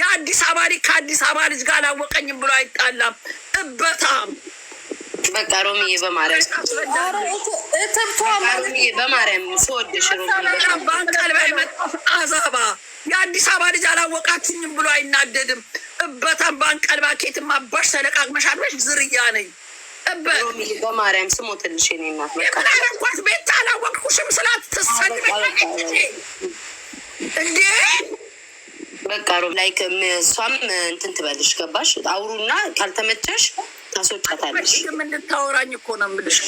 የአዲስ አበባ ልጅ ከአዲስ አበባ ልጅ ጋር አላወቀኝም ብሎ አይጣላም። እበታም በቃ ሮሚዬ በማርያም አዛባ የአዲስ አበባ ልጅ አላወቃችኝም ብሎ አይናደድም። እበታም ዝርያ ነኝ በማርያም ቤት አላወቅኩሽም ስላት እንዴ በቃ ሮ ላይክ እሷም እንትን ትበልሽ ገባሽ? አውሩና ካልተመቸሽ ታስወጣታለሽ። እንድታወራኝ እኮ ነው የምልሽ።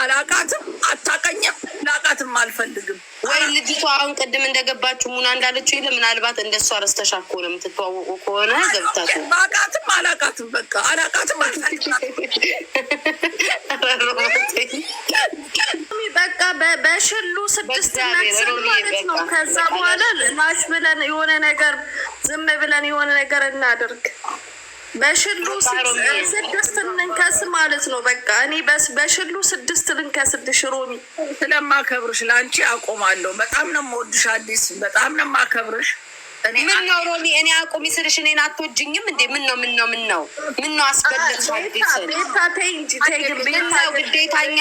አላቃትም፣ አታቀኝም፣ ላቃትም አልፈልግም። ወይ ልጅቷ አሁን ቅድም እንደገባችሁ ሙና እንዳለችው የለ ምናልባት እንደሷ ረስተሻ እኮ የምትተዋወቁ ከሆነ ገብታት አቃትም አላቃትም፣ በቃ አላቃትም፣ አልፈልግም በቃ በሽሉ ስድስት ናቸው ማለት ነው። ከዛ በኋላ ናች ብለን የሆነ ነገር ዝም ብለን የሆነ ነገር እናድርግ። በሽሉ ስድስት ልንከስ ማለት ነው። በቃ እኔ በሽሉ ስድስት ልንከስልሽ ሮሚ፣ ስለማከብርሽ ለአንቺ አቆማለሁ። በጣም ነው የምወድሽ አዲስ፣ በጣም ነው የማከብርሽ። ምን ነው ሮሚ፣ እኔ አቁሚ ስልሽ እኔን አትወጂኝም እንዴ? ምን ነው ምን ነው ምን ነው ምን ነው አስበለጽ ነው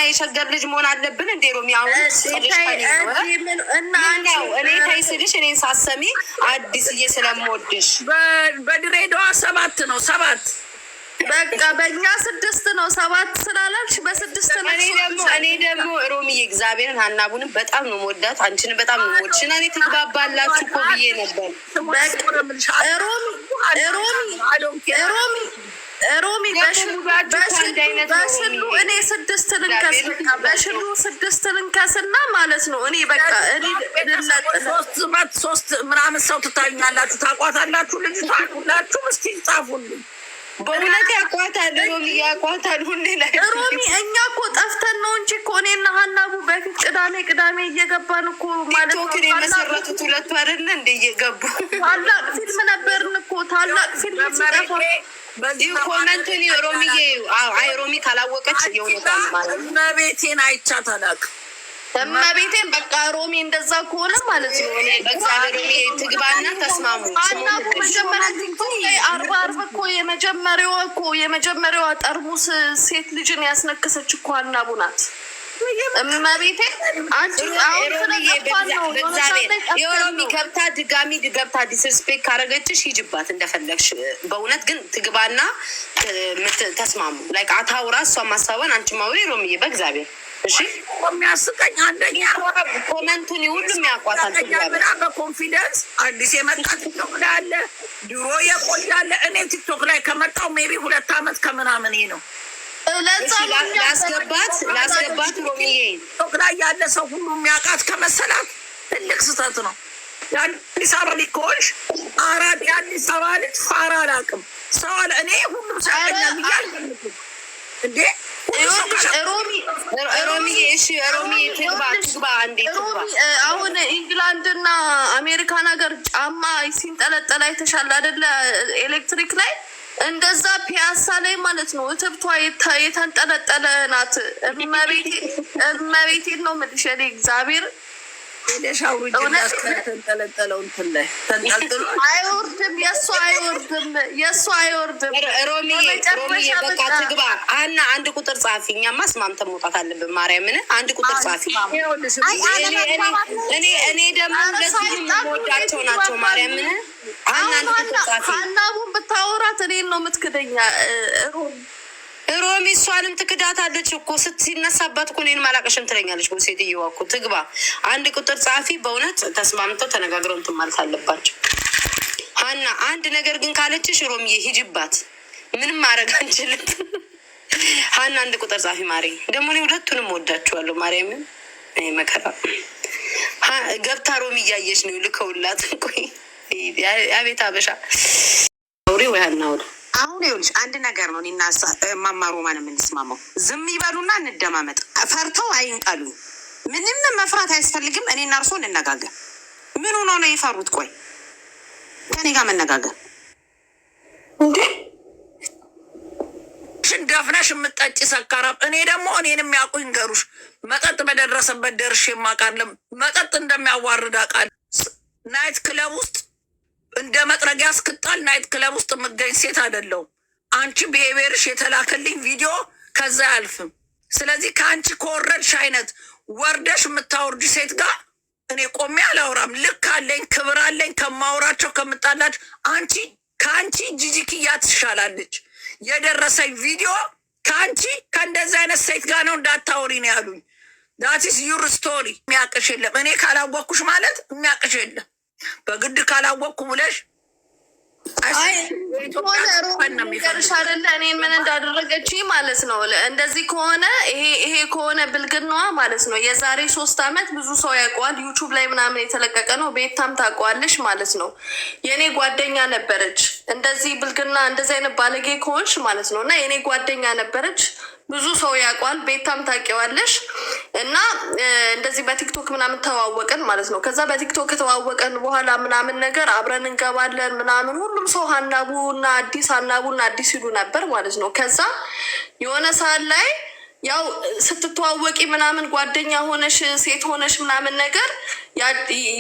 የሸገር ልጅ መሆን አለብን እንዴ? ሮሚ እኔ ተይ ስልሽ እኔን ሳሰሚ አዲስዬ ስለምወድሽ በድሬዳዋ ሰባት ነው ሰባት በቃ በእኛ ስድስት ነው። ሰባት ስላላልሽ በስድስት ነው። እኔ ደግሞ እኔ ደግሞ ሮሚዬ እግዚአብሔርን ሀናቡንም በጣም ነው መወዳት፣ አንቺን በጣም ነው መወድሽ እና እኔ ትግባባላችሁ እኮ ብዬ ነበር። ሮሚ በሽሉ እኔ ስድስት ልንከስ በሽሉ ስድስት ልንከስና ማለት ነው። እኔ በቃ እኔ ሶስት ሶስት ምናምን ሰው ትታኛላችሁ፣ ታቋታላችሁ ልጅቷ ሁላችሁም እስኪ ጻፉልኝ በእውነት ያቋታል ሮሚ ያቋታል። ሁሌ ላይ ሮሚ እኛ እኮ ጠፍተን ነው እንጂ እኮ እኔና ሀናቡ በፊት ቅዳሜ ቅዳሜ እየገባን እኮ ማለት ነው። ቲክቶክን የመሰረቱት ሁለቱ አይደለ እንደ እየገቡ ታላቅ ፊልም ነበርን እኮ ታላቅ ፊልም ሲጠፋ በዚህ ኮመንትን ሮሚዬ አይ ሮሚ ካላወቀች የሆነ ማለት ነው ቤቴን አይቻት አላውቅም እመቤቴን በቃ ሮሚ እንደዛ ከሆነ ማለት ነው። እኔ በቃ ሮሚ ትግባና ተስማሙ። አናቱ መጀመሪያ አርባ አርብ እኮ የመጀመሪያዋ እኮ የመጀመሪያዋ ጠርሙስ ሴት ልጅን ያስነከሰች እኮ አናቡ ናት። እመቤቴ ገብታ ድጋሚ ገብታ ዲስርስፔክት ካረገችሽ ሂጅባት እንደፈለግሽ። በእውነት ግን ትግባና ተስማሙ። ላይ አታውራ እሷ ማሳበን አንቺ ማውሪ ሮሚዬ በእግዚአብሔር እሺ የሚያስቀኝ አንደኛ ኮመንቱን ሁሉም ያውቋታል ብላ በኮንፊደንስ አዲስ የመጣ ቲክቶክ ላይ አለ፣ ድሮ እኔ ቲክቶክ ላይ ከመጣው ሜቢ ሁለት ዓመት ከምናምን ነው። ላስገባት ላስገባት ቲክቶክ ላይ ያለ ሰው ሁሉ የሚያውቃት ከመሰላት ትልቅ ስህተት ነው። የአዲስ አበባ ልጅ ከሆንሽ አራት የአዲስ አበባ ልጅ ፋራ አላውቅም እኔ ሁሉም እንዴ አሁን ኢንግላንድና አሜሪካን ሀገር ጫማ ሲንጠለጠላ አይተሻል አይደለ? ኤሌክትሪክ ላይ እንደዛ ፒያሳ ላይ ማለት ነው። እትብቷ የተንጠለጠለ ናት። እመቤቴን ነው የምልሽ እኔ እግዚአብሔር ሄደሽ ተንጠለጠለው እንትን ላይ ተንጠልጥሎ አይወርድም። የእሱ አይወርድም። የእሱ አይወርድም። ሮሚ በቃ ትግባ አና አንድ ቁጥር ጻፊ። እኛማ አስማምተን መውጣት አለብን። ማርያምን አንድ ቁጥር ጻፊ። እኔ እኔ ደግሞ ሁለቱንም የምወዳቸው ናቸው። ማርያምን አና አንድ ቁጥር ጻፊ። አናቡን ብታወራት እኔን ነው የምትክደኛ ሮሚ ሮሚ እሷንም ትክዳታለች እኮ ስት ሲነሳባት እኮ እኔንም ትለኛለች እኮ ሴትዮዋ እኮ ትግባ። አንድ ቁጥር ጸሐፊ በእውነት ተስማምተው ተነጋግረው እንትን ማለት አለባቸው። ሀና አንድ ነገር ግን ካለችሽ ሮሚ ሂጅባት፣ ምንም ማድረግ አንችልም። ሀና አንድ ቁጥር ጸሐፊ ማሪ ደግሞ እኔ ሁለቱንም ወዳችኋለሁ። ማርያምን መከራ ገብታ ሮሚ እያየች ነው ልከውላት። ቆይ አቤት አበሻ ወሬ ወይ ሀና ወደ አሁን ይኸውልሽ አንድ ነገር ነው። እኔና እማማ ሮማን የምንስማመው ዝም ይበሉና እንደማመጥ፣ ፈርተው አይንቀሉ። ምንም መፍራት አያስፈልግም። እኔና እርሶ እንነጋገር። ምን ሆኖ ነው የፈሩት? ቆይ ከኔ ጋር መነጋገር እንዴ ሽንዳፍነሽ የምጠጭ ሰካራም። እኔ ደግሞ እኔን የሚያውቁ ይንገሩሽ። መጠጥ በደረሰበት ደርሼ የማውቃለም መጠጥ እንደሚያዋርድ አውቃለሁ። ናይት ክለብ ውስጥ እንደ መጥረጊያ እስክጣል ናይት ክለብ ውስጥ የምገኝ ሴት አይደለሁም። አንቺ ብሄቤርሽ የተላከልኝ ቪዲዮ ከዛ አያልፍም። ስለዚህ ከአንቺ ከወረድሽ አይነት ወርደሽ የምታወርድ ሴት ጋር እኔ ቆሜ አላውራም። ልክ አለኝ፣ ክብር አለኝ። ከማውራቸው ከምጣላች አንቺ ከአንቺ ጂጂክያ ትሻላለች። የደረሰኝ ቪዲዮ ከአንቺ ከእንደዚህ አይነት ሴት ጋር ነው እንዳታወሪ ነው ያሉኝ። ዳትስ ዩር ስቶሪ። የሚያቅሽ የለም። እኔ ካላወቅኩሽ ማለት የሚያቅሽ የለም። በግድ ካላወቅኩ ብለሽ ሻለ እኔን ምን እንዳደረገች ማለት ነው። እንደዚህ ከሆነ ይሄ ይሄ ከሆነ ብልግናዋ ማለት ነው። የዛሬ ሶስት አመት ብዙ ሰው ያውቀዋል። ዩቱብ ላይ ምናምን የተለቀቀ ነው። ቤታም ታውቀዋለሽ ማለት ነው። የእኔ ጓደኛ ነበረች። እንደዚህ ብልግና እንደዚህ አይነት ባለጌ ከሆንሽ ማለት ነው እና የእኔ ጓደኛ ነበረች ብዙ ሰው ያውቋል። ቤታም ታውቂዋለሽ። እና እንደዚህ በቲክቶክ ምናምን ተዋወቀን ማለት ነው። ከዛ በቲክቶክ ከተዋወቀን በኋላ ምናምን ነገር አብረን እንገባለን ምናምን ሁሉም ሰው እና አዲስ እና አዲስ ይሉ ነበር ማለት ነው። ከዛ የሆነ ሰዓት ላይ ያው ስትተዋወቂ ምናምን ጓደኛ ሆነሽ ሴት ሆነሽ ምናምን ነገር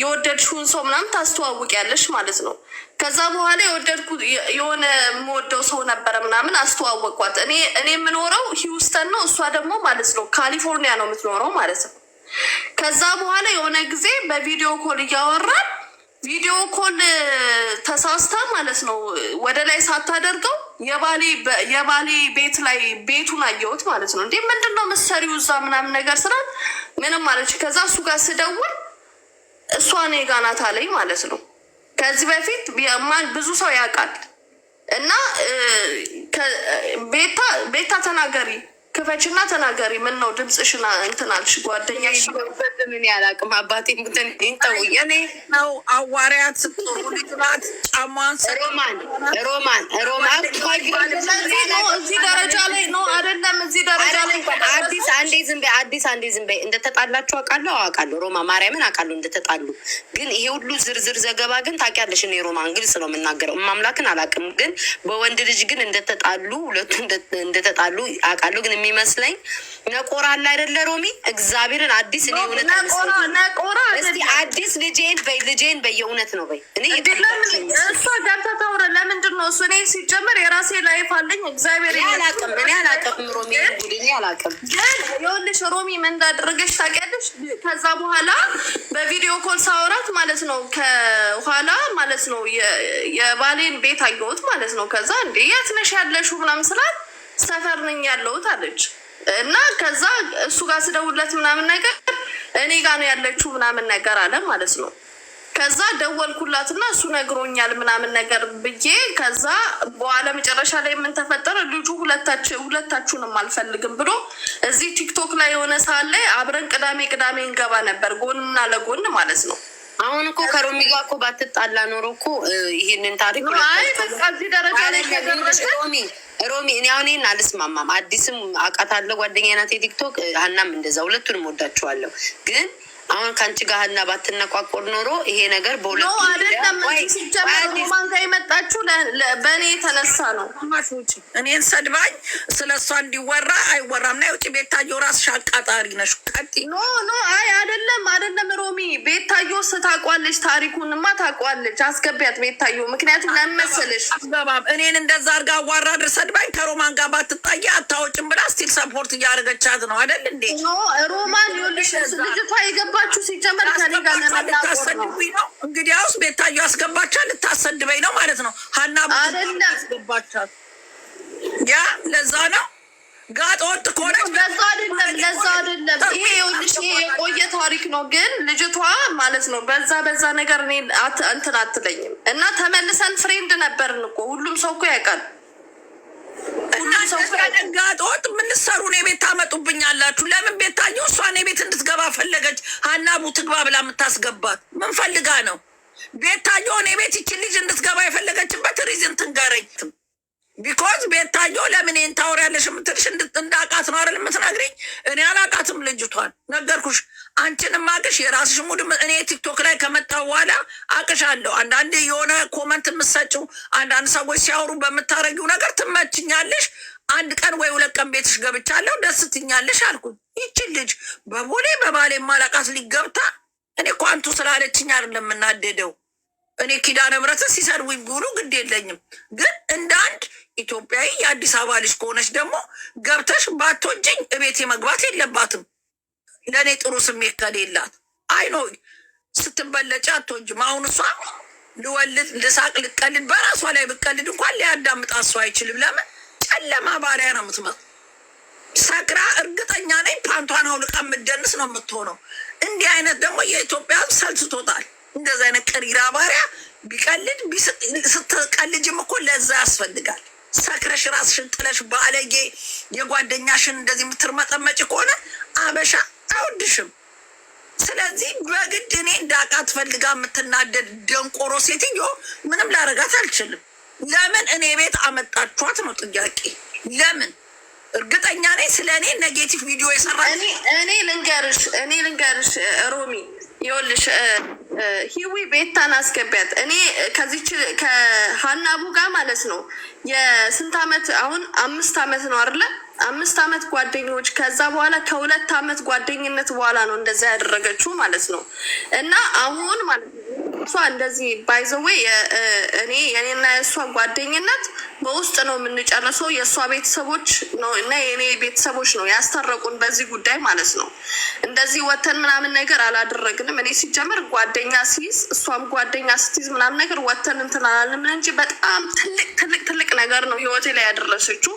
የወደድሽውን ሰው ምናምን ታስተዋውቂያለሽ ማለት ነው። ከዛ በኋላ የወደድኩ የሆነ የምወደው ሰው ነበረ ምናምን አስተዋወቋት። እኔ እኔ የምኖረው ሂውስተን ነው፣ እሷ ደግሞ ማለት ነው ካሊፎርኒያ ነው የምትኖረው ማለት ነው። ከዛ በኋላ የሆነ ጊዜ በቪዲዮ ኮል እያወራን ቪዲዮ ኮል ተሳስታ ማለት ነው ወደ ላይ ሳታደርገው የባሌ ቤት ላይ ቤቱን አየሁት ማለት ነው። እንዴ ምንድን ነው መሰሪው እዛ ምናምን ነገር ስላት ምንም ማለት ከዛ እሱ ጋር ስደውል እሷ እኔ ጋ ናት አለኝ ማለት ነው። ከዚህ በፊት ብዙ ሰው ያውቃል እና ቤታ ተናገሪ ክፈችና ተናገሪ። ምን ነው ድምፅሽን እንትን አልሽ? ጓደኛሽ ምን ያላቅም አባቴ ነው አዋሪያት ልጅናት ጫማን ሮማን ሮማን ሮማን እዚህ ደረጃ ላይ ነው አደለም? እዚህ ደረጃ ላይ አዲስ አንዴ ዝም አዲስ አንዴ ዝም እንደተጣላችሁ አውቃለሁ አውቃለሁ፣ ሮማ ማርያምን አውቃለሁ እንደተጣሉ። ግን ይሄ ሁሉ ዝርዝር ዘገባ ግን ታውቂያለሽ። እኔ ሮማን ግልጽ ነው የምናገረው፣ እማምላክን አላውቅም። ግን በወንድ ልጅ ግን እንደተጣሉ ሁለቱ እንደተጣሉ አውቃለሁ ግን የሚመስለኝ ነቆራ አለ አይደለ? ሮሚ እግዚአብሔርን አዲስ እኔ እውነት አዲስ ልጄን በይ ልጄን በይ የእውነት ነው በይ እኔ እሷ ገብታ ታውረ ለምንድን ነው እሱ? እኔ ሲጀመር የራሴ ላይፍ አለኝ። እግዚአብሔር አላቅም እኔ አላቅም ሮሚ እኔ አላቅም። ግን ይኸውልሽ ሮሚ ምን እንዳደረገች ታውቂያለሽ? ከዛ በኋላ በቪዲዮ ኮል ሳወራት ማለት ነው ከኋላ ማለት ነው የባሌን ቤት አየሁት ማለት ነው። ከዛ እንዴ የት ነሽ ያለሽው ምናምን ስላት ሰፈር ነኝ ያለሁት አለች እና ከዛ እሱ ጋር ስደውለት ምናምን ነገር እኔ ጋ ነው ያለችው ምናምን ነገር አለ ማለት ነው። ከዛ ደወልኩላትና እሱ ነግሮኛል ምናምን ነገር ብዬ ከዛ በኋላ መጨረሻ ላይ የምንተፈጠረ ልጁ ሁለታችሁንም አልፈልግም ብሎ እዚህ ቲክቶክ ላይ የሆነ ሰዓት ላይ አብረን ቅዳሜ ቅዳሜ እንገባ ነበር ጎንና ለጎን ማለት ነው። አሁን እኮ ከሮሚ ጋር እኮ ባትጣላ ኖሮ እኮ ይሄንን ታሪክ ሮሚ ሮሚ እኔ አሁን ይህን አልስማማም። አዲስም አውቃታለሁ ጓደኛዬ ናት የቲክቶክ ሀናም እንደዛ ሁለቱንም ወዳችኋለሁ ግን አሁን ከአንቺ ጋር ሀና ባትነቋቆር ኖሮ ይሄ ነገር በሁለት አይደለም። ሲጀመር ሮማን ጋር የመጣችሁ በእኔ የተነሳ ነው። እኔን ሰድባኝ ስለ እሷ እንዲወራ አይወራም። ና ውጭ ቤታዮ ራስሽ አቃጣሪ ነሽ። ቀጥ ኖ ኖ አይ አይደለም አይደለም። ሮሚ ቤታዮ ስታቋለች ታሪኩንማ ታቋለች። አስገቢያት ቤታዮ። ምክንያቱም ለመሰለሽ አስገባም እኔን እንደዛ አርጋ አዋራ ድር ሰድባኝ ከሮማን ጋር ባትጣየ አታወጭም ብላ ስቲል ሰፖርት እያደረገቻት ነው አይደል እንዴ? ኖ ሮማን ልጅቷ የገባ ሁላችሁ ሲጀመር ልታሰድቡኝ ነው እንግዲያውስ። ቤታዩ አስገባቻ ልታሰድበኝ ነው ማለት ነው። ሀና አስገባቻ ያ ለዛ ነው ጋጥ ወጥ ከሆነች ለዛ አይደለም፣ ለዛ አይደለም። ይሄ ይኸውልሽ ይሄ የቆየ ታሪክ ነው። ግን ልጅቷ ማለት ነው በዛ በዛ ነገር እኔ እንትን አትለኝም እና ተመልሰን ፍሬንድ ነበርን እኮ ሁሉም ሰው እኮ ያውቃል። ሁሉም ሰው ጋጥ ወጥ ምንስ ገቡ ትግባ ብላ የምታስገባት ምን ፈልጋ ነው? ቤታዮ እኔ ቤት ይችን ልጅ እንድትገባ የፈለገችበት ሪዝን ትንገረኝ። ቢኮዝ ቤታዮ ለምን ይህን ታወሪያለሽ የምትልሽ እንዳቃት ነው አይደል የምትነግሪኝ? እኔ አላቃትም ልጅቷን። ነገርኩሽ፣ አንቺን ማቅሽ የራስሽ ሙድ። እኔ ቲክቶክ ላይ ከመጣሁ በኋላ አቅሻለሁ። አንዳንድ የሆነ ኮመንት የምትሰጪው አንዳንድ ሰዎች ሲያወሩ በምታረጊው ነገር ትመችኛለሽ። አንድ ቀን ወይ ሁለት ቀን ቤትሽ ገብቻለሁ፣ ደስትኛለሽ አልኩኝ። እችን ልጅ በቦሌ በባሌ ማላቃት ሊገብታ እኔ እኮ አንቱ ስላለችኝ አይደለም የምናደደው። እኔ ኪዳነ ምሕረትን ሲሰድቡኝ ቢውሉ ግድ የለኝም። ግን እንደ አንድ ኢትዮጵያዊ የአዲስ አበባ ልጅ ከሆነች ደግሞ ገብተሽ ባትወጂኝ እቤቴ መግባት የለባትም። ለእኔ ጥሩ ስሜት ከሌላት አይኖ ስትበለጫ አትወጂም። አሁን እሷ ልወልድ፣ ልሳቅ፣ ልቀልድ በራሷ ላይ ብቀልድ እንኳን ሊያዳምጣ እሷ አይችልም። ለምን ጨለማ ባሪያ ነው የምትመጣው። ሰክራ እርግጠኛ ነኝ ፓንቷን አውልቃ የምደንስ ነው የምትሆነው። እንዲህ አይነት ደግሞ የኢትዮጵያ ሰልችቶታል። እንደዚህ አይነት ቀሪራ ባሪያ ቢቀልድ ስትቀልጅም እኮ ለዛ ያስፈልጋል። ሰክረሽ ራስሽን ጥለሽ ባለጌ የጓደኛሽን እንደዚህ የምትርመጠመጭ ከሆነ አበሻ አይወድሽም። ስለዚህ በግድ እኔ እንዳቃ ትፈልጋ የምትናደድ ደንቆሮ ሴትዮ ምንም ላረጋት አልችልም። ለምን እኔ ቤት አመጣችኋት ነው ጥያቄ። ለምን እርግጠኛ ነኝ ስለ እኔ ኔጌቲቭ ቪዲዮ የሰራ እኔ ልንገርሽ እኔ ልንገርሽ ሮሚ ይኸውልሽ ሂዊ ቤታን አስገቢያት። እኔ ከዚች ከሀናቡ ጋር ማለት ነው የስንት አመት አሁን አምስት አመት ነው አይደለ? አምስት አመት ጓደኞች፣ ከዛ በኋላ ከሁለት አመት ጓደኝነት በኋላ ነው እንደዛ ያደረገችው ማለት ነው እና አሁን ማለት ነው እሷ እንደዚህ ባይዘወይ እኔ የኔና የእሷ ጓደኝነት በውስጥ ነው የምንጨርሰው። የእሷ ቤተሰቦች ነው እና የእኔ ቤተሰቦች ነው ያስታረቁን በዚህ ጉዳይ ማለት ነው። እንደዚህ ወተን ምናምን ነገር አላደረግንም። እኔ ሲጀምር ጓደኛ ሲይዝ እሷም ጓደኛ ስትይዝ ምናምን ነገር ወተን እንትን አላልንም እንጂ በጣም ትልቅ ትልቅ ትልቅ ነገር ነው ህይወቴ ላይ ያደረሰችው።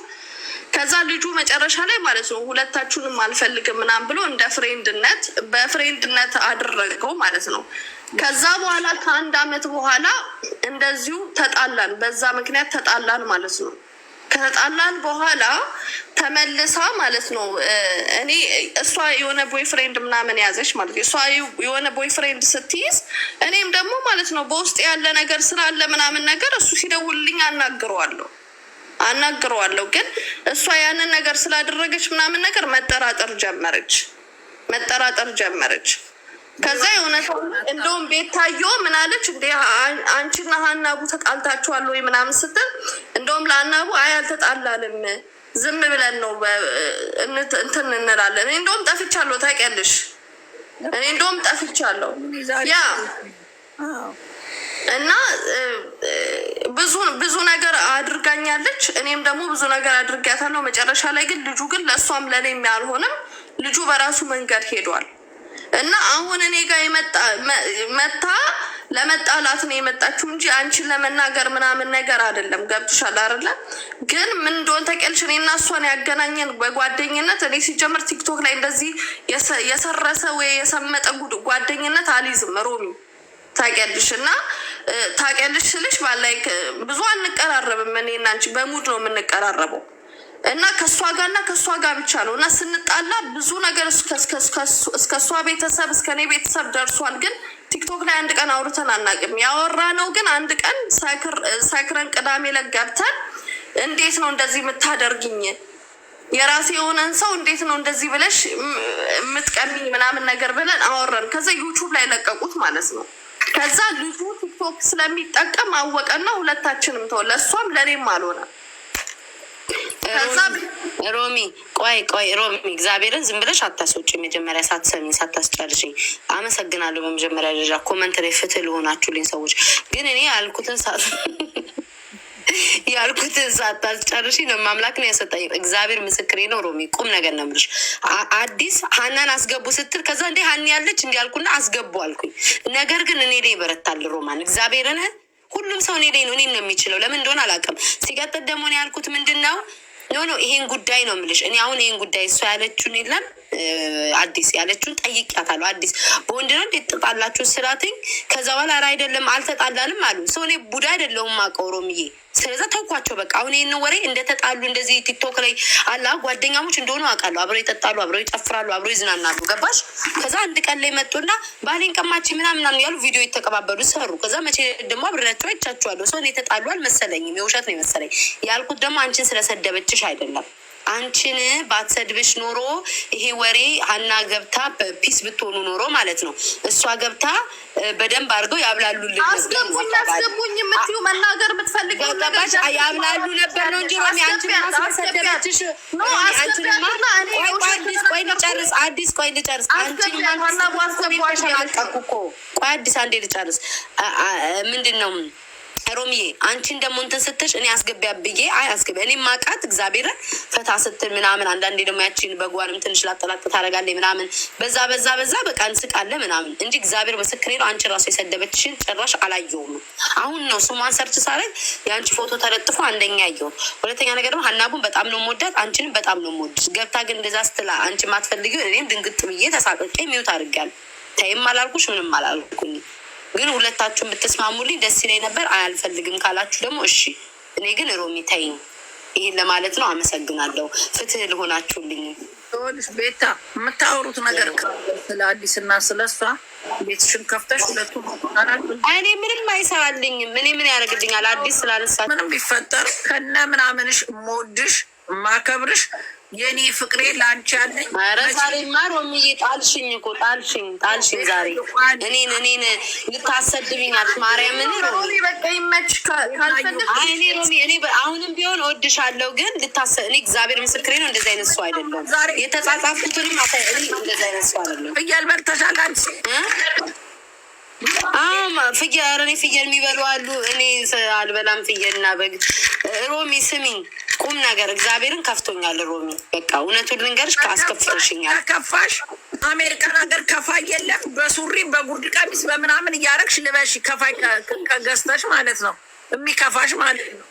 ከዛ ልጁ መጨረሻ ላይ ማለት ነው ሁለታችሁንም አልፈልግም ምናምን ብሎ እንደ ፍሬንድነት በፍሬንድነት አደረገው ማለት ነው። ከዛ በኋላ ከአንድ አመት በኋላ እንደዚሁ ተጣላን፣ በዛ ምክንያት ተጣላን ማለት ነው። ከተጣላን በኋላ ተመልሳ ማለት ነው እኔ እሷ የሆነ ቦይፍሬንድ ምናምን ያዘች ማለት ነው። እሷ የሆነ ቦይፍሬንድ ስትይዝ እኔም ደግሞ ማለት ነው በውስጥ ያለ ነገር ስላለ ምናምን ነገር እሱ ሲደውልልኝ አናግረዋለሁ አናግረዋለሁ። ግን እሷ ያንን ነገር ስላደረገች ምናምን ነገር መጠራጠር ጀመረች መጠራጠር ጀመረች። ከዛ የሆነ እንደውም ቤት ታየ ምናለች እንደ አንቺና ሀናቡ ተጣልታችኋል ወይ ምናምን ስትል እንደውም ለሀናቡ አይ አልተጣላልም ዝም ብለን ነው እንትን እንላለን። እኔ እንደውም ጠፍቻለሁ፣ ታውቂያለሽ፣ እኔ እንደውም ጠፍቻለሁ ያ እና ብዙ ብዙ ነገር አድርጋኛለች። እኔም ደግሞ ብዙ ነገር አድርጊያታለሁ። መጨረሻ ላይ ግን ልጁ ግን ለእሷም ለእኔም አልሆንም። ልጁ በራሱ መንገድ ሄዷል እና አሁን እኔ ጋር መታ ለመጣላት ነው የመጣችው እንጂ አንቺን ለመናገር ምናምን ነገር አይደለም። ገብቶሻል አይደለ? ግን ምን እንደሆን ተቀልሽ። እኔ እና እሷን ያገናኘን በጓደኝነት እኔ ሲጀምር ቲክቶክ ላይ እንደዚህ የሰረሰ ወይ የሰመጠ ጓደኝነት አልይዝም ሮሚ ታውቂያለሽ እና ታውቂያለሽ ስልሽ ባላይክ ብዙ አንቀራረብም። እኔ እና አንቺ በሙድ ነው የምንቀራረበው እና ከእሷ ጋር እና ከእሷ ጋር ብቻ ነው እና ስንጣላ ብዙ ነገር እስከ እሷ ቤተሰብ እስከ እኔ ቤተሰብ ደርሷል። ግን ቲክቶክ ላይ አንድ ቀን አውርተን አናውቅም። ነው ግን አንድ ቀን ሳይክረን ቅዳሜ ዕለት ገብተን እንዴት ነው እንደዚህ የምታደርግኝ የራሴ የሆነን ሰው እንዴት ነው እንደዚህ ብለሽ የምትቀሚኝ ምናምን ነገር ብለን አወረን ከዛ ዩቱብ ላይ ለቀቁት ማለት ነው። ከዛ ልጁ ቲክቶክ ስለሚጠቀም አወቀና ሁለታችንም ተው ለእሷም ለእኔም አልሆነ። ሮሚ ቆይ ቆይ ሮሚ እግዚአብሔርን ዝም ብለሽ አታስውጭ። መጀመሪያ ሳትሰሚ ሳታስጨርሽ አመሰግናለሁ። በመጀመሪያ ደረጃ ኮመንት ላይ ፍትህ ለሆናችሁልኝ ሰዎች ግን እኔ ያልኩትን ሳት ያልኩት እዛ አታስጨርሺ ነው። ማምላክ ነው ያሰጠኝ። እግዚአብሔር ምስክሬ ነው። ሮሚ ቁም ነገር ነው የምልሽ። አዲስ ሀናን አስገቡ ስትል ከዛ እንዴ ሀኒ ያለች እንዲ ያልኩና አስገቡ አልኩኝ። ነገር ግን እኔ ላይ ይበረታል ሮማን እግዚአብሔርን ሁሉም ሰው እኔ ላይ ነው፣ እኔን ነው የሚችለው። ለምን እንደሆነ አላውቅም። ሲቀጥል ደግሞ ያልኩት ምንድን ነው ኖ ኖ ይሄን ጉዳይ ነው የምልሽ እኔ አሁን ይሄን ጉዳይ እሷ ያለችውን የለም አዲስ ያለችው ጠይቂያታለሁ። አዲስ በወንድ ነው እንዴት ትጣላችሁ ስላትኝ፣ ከዛ በኋላ ራ አይደለም አልተጣላንም አሉ። ሰው እኔ ቡዳ አይደለሁም አውቀው ኦሮምዬ። ስለዛ ተውኳቸው በቃ። አሁን ይህን ወሬ እንደተጣሉ እንደዚህ ቲክቶክ ላይ አላ ጓደኛሞች እንደሆኑ አውቃለሁ። አብረው ይጠጣሉ፣ አብረው ይጨፍራሉ፣ አብረው ይዝናናሉ። ገባሽ? ከዛ አንድ ቀን ላይ መጡና ባህሌን ቀማች ምናምን ያሉ ቪዲዮ የተቀባበሉ ሰሩ። ከዛ መቼ ደግሞ አብሬያቸው አይቻችኋለሁ። ሰው የተጣሉ አልመሰለኝም፣ የውሸት ነው የመሰለኝ። ያልኩት ደግሞ አንቺን ስለሰደበችሽ አይደለም አንቺን ባትሰድብሽ ኖሮ ይሄ ወሬ ሀና ገብታ በፒስ ብትሆኑ ኖሮ ማለት ነው። እሷ ገብታ በደንብ አድርገው ያብላሉልን አስገቡኝ አስገቡኝ የምትዩ መናገር የምትፈልገው ያብላሉ ነበር ነው እንጂ ሮሚ አንቺንማ ስለሰደበችሽ አንቺንማ ቆይ ልጨርስ አዲስ ቆይ ልጨርስ አንቺንማ ቆይ አዲስ አንዴ ልጨርስ ምንድን ነው ሮሚዬ አንቺን ደግሞ እንትን ስትሽ እኔ አስገቢያ ብዬ አይ አስገቢ እኔ ማቃት እግዚአብሔር ፈታ ስትል ምናምን አንዳንዴ ደግሞ ያቺን በጓንም ትንሽ ላጠላጥ ታደርጋለች ምናምን በዛ በዛ በዛ በቃ እንስቃለ ምናምን እንጂ እግዚአብሔር ምስክሬ ነው። አንቺ ራሱ የሰደበችሽን ጭራሽ አላየውም። አሁን ነው ስሟን ሰርች ሳረግ የአንቺ ፎቶ ተለጥፎ አንደኛ ያየው። ሁለተኛ ነገር ደግሞ ሀናቡን በጣም ነው የምወዳት፣ አንቺንም በጣም ነው የምወድሽ። ገብታ ግን እንደዛ ስትላ አንቺ ማትፈልጊው እኔም ድንግጥ ብዬ ተሳቅቄ ሚውት አድርጊያለሁ። ተይም አላልኩሽ ምንም አላልኩኝ። ግን ሁለታችሁን ብትስማሙልኝ ደስ ይለኝ ነበር። አያልፈልግም ካላችሁ ደግሞ እሺ። እኔ ግን ሮሚ ተይኝ፣ ይህን ለማለት ነው። አመሰግናለሁ። ፍትህ ልሆናችሁልኝ። ልጅ ቤታ የምታወሩት ነገር ስለ አዲስ እና ስለ እሷ ቤትሽን ከፍተሽ ሁለቱ እኔ ምንም አይሰራልኝም። እኔ ምን ያደርግልኛል? አዲስ ስላነሳ ምንም ቢፈጠር ከነ ምናምንሽ ሞድሽ ማከብርሽ የኔ ፍቅሬ ላንቺ አለኝ። ኧረ ዛሬማ ሮምዬ ጣልሽኝ እኮ ጣልሽኝ ጣልሽኝ። ዛሬ እኔን እኔን ልታሰድብኝ አልሽ። ማርያምን ሮሚ በቃ ይመች እኔ ሮሚ እኔ አሁንም ቢሆን እወድሻለሁ፣ ግን ልታሰ እኔ እግዚአብሔር ምስክሬ ነው። እንደዚ አይነት ሰው አይደለም። የተጻጻፉትንም አታ እንደዚ አይነት ሰው አይደለም። እያል በልተሻል አንቺ አማ ፍየል፣ ኧረ እኔ ፍየል የሚበሉ አሉ። እኔ አልበላም ፍየልና በግ። ሮሚ ስሚኝ ቁም ነገር እግዚአብሔርን ከፍቶኛል። ሮሚ በቃ እውነቱን ልንገርሽ፣ አስከፍተሽኛል። ከፋሽ አሜሪካን ሀገር ከፋ የለም። በሱሪ በጉርድ ቀሚስ በምናምን እያረግሽ ልበሽ ከፋይ ከገዝተሽ ማለት ነው የሚከፋሽ ማለት ነው።